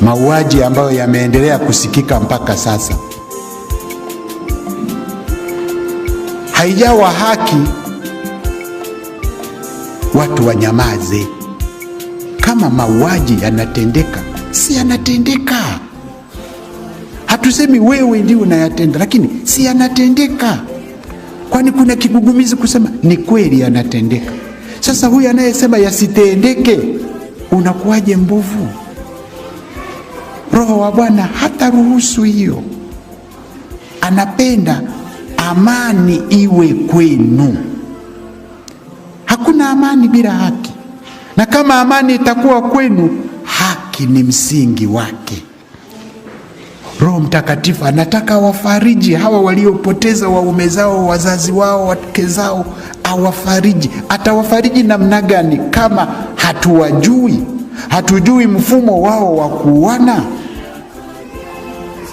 mauaji ambayo yameendelea kusikika mpaka sasa. Haijawa haki watu wanyamaze. Kama mauaji yanatendeka, si yanatendeka. Hatusemi wewe ndio unayatenda, lakini si yanatendeka. Kwani kuna kigugumizi kusema ni kweli yanatendeka? Sasa huyu anayesema yasitendeke, unakuwaje mbovu? Roho wa Bwana hata ruhusu hiyo, anapenda amani iwe kwenu. Hakuna amani bila haki, na kama amani itakuwa kwenu, haki ni msingi wake. Roho Mtakatifu anataka wafariji hawa waliopoteza waume zao, wazazi wao, wake zao, awafariji. Atawafariji namna gani kama hatuwajui? Hatujui mfumo wao wa kuuana,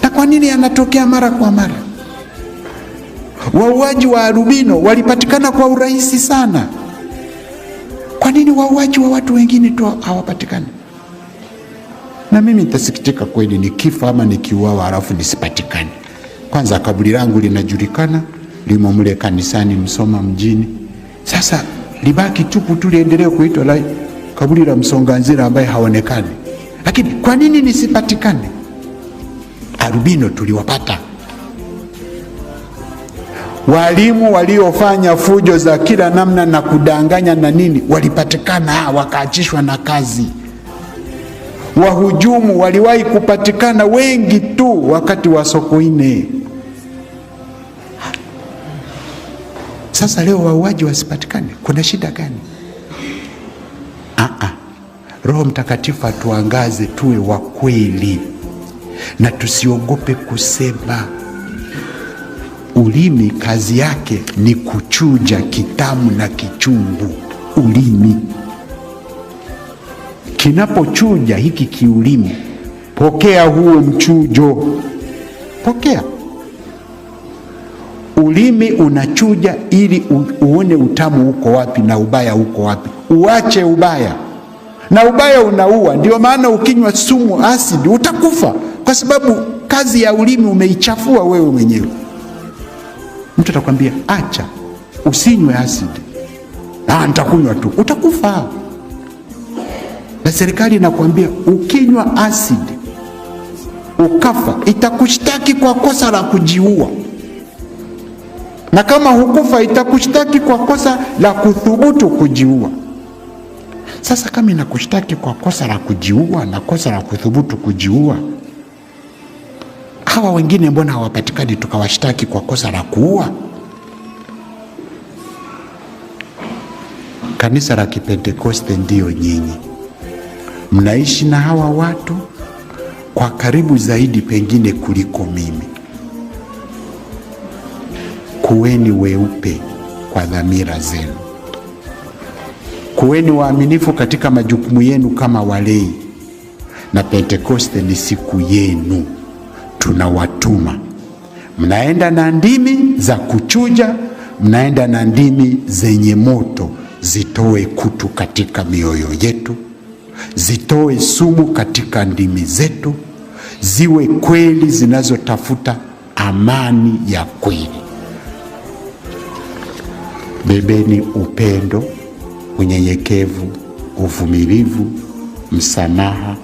na kwa nini yanatokea mara kwa mara? Wauaji wa albino walipatikana kwa urahisi sana. Kwa nini wauaji wa watu wengine tu hawapatikani? Na mimi nitasikitika kweli nikifa ama nikiuawa halafu nisipatikane. Kwanza kaburi langu linajulikana, limo mle kanisani Msoma mjini. Sasa libaki tupu tu liendelee kuitwa kaburi la Msonganzira ambaye haonekani. Lakini kwa nini nisipatikane? arubino tuliwapata walimu waliofanya fujo za kila namna na kudanganya na nini, walipatikana wakaachishwa na kazi. Wahujumu waliwahi kupatikana wengi tu wakati wa Sokoine. Sasa leo wauaji wasipatikane, kuna shida gani? Roho Mtakatifu atuangaze, tuwe wa kweli na tusiogope kusema. Ulimi kazi yake ni kuchuja kitamu na kichungu. Ulimi kinapochuja hiki kiulimi, pokea huo mchujo, pokea. Ulimi unachuja ili uone utamu uko wapi na ubaya uko wapi. Uache ubaya na ubaya unaua. Ndio maana ukinywa sumu asidi utakufa, kwa sababu kazi ya ulimi umeichafua wewe mwenyewe. Mtu atakwambia acha, usinywe asidi. Ah, nitakunywa tu, utakufa. Na serikali inakwambia ukinywa asidi ukafa, itakushtaki kwa kosa la kujiua, na kama hukufa, itakushtaki kwa kosa la kuthubutu kujiua. Sasa kama inakushtaki kwa kosa la kujiua na kosa la kuthubutu kujiua, hawa wengine mbona hawapatikani tukawashtaki kwa kosa la kuua? Kanisa la Kipentekoste ndiyo nyinyi, mnaishi na hawa watu kwa karibu zaidi pengine kuliko mimi. Kuweni weupe kwa dhamira zenu kuweni waaminifu katika majukumu yenu kama walei, na Pentekoste ni siku yenu, tunawatuma mnaenda na ndimi za kuchuja, mnaenda na ndimi zenye moto, zitoe kutu katika mioyo yetu, zitoe sumu katika ndimi zetu, ziwe kweli zinazotafuta amani ya kweli. Bebeni upendo unyenyekevu, uvumilivu, msamaha,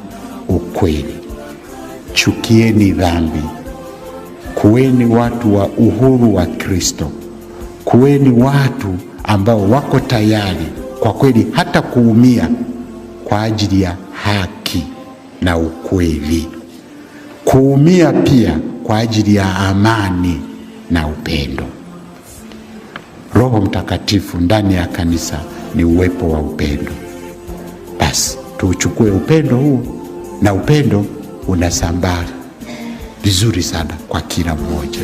ukweli. Chukieni dhambi, kuweni watu wa uhuru wa Kristo, kuweni watu ambao wako tayari kwa kweli hata kuumia kwa ajili ya haki na ukweli, kuumia pia kwa ajili ya amani na upendo. Roho Mtakatifu ndani ya kanisa ni uwepo wa upendo. Basi tuuchukue upendo huo, na upendo unasambaa vizuri sana kwa kila mmoja.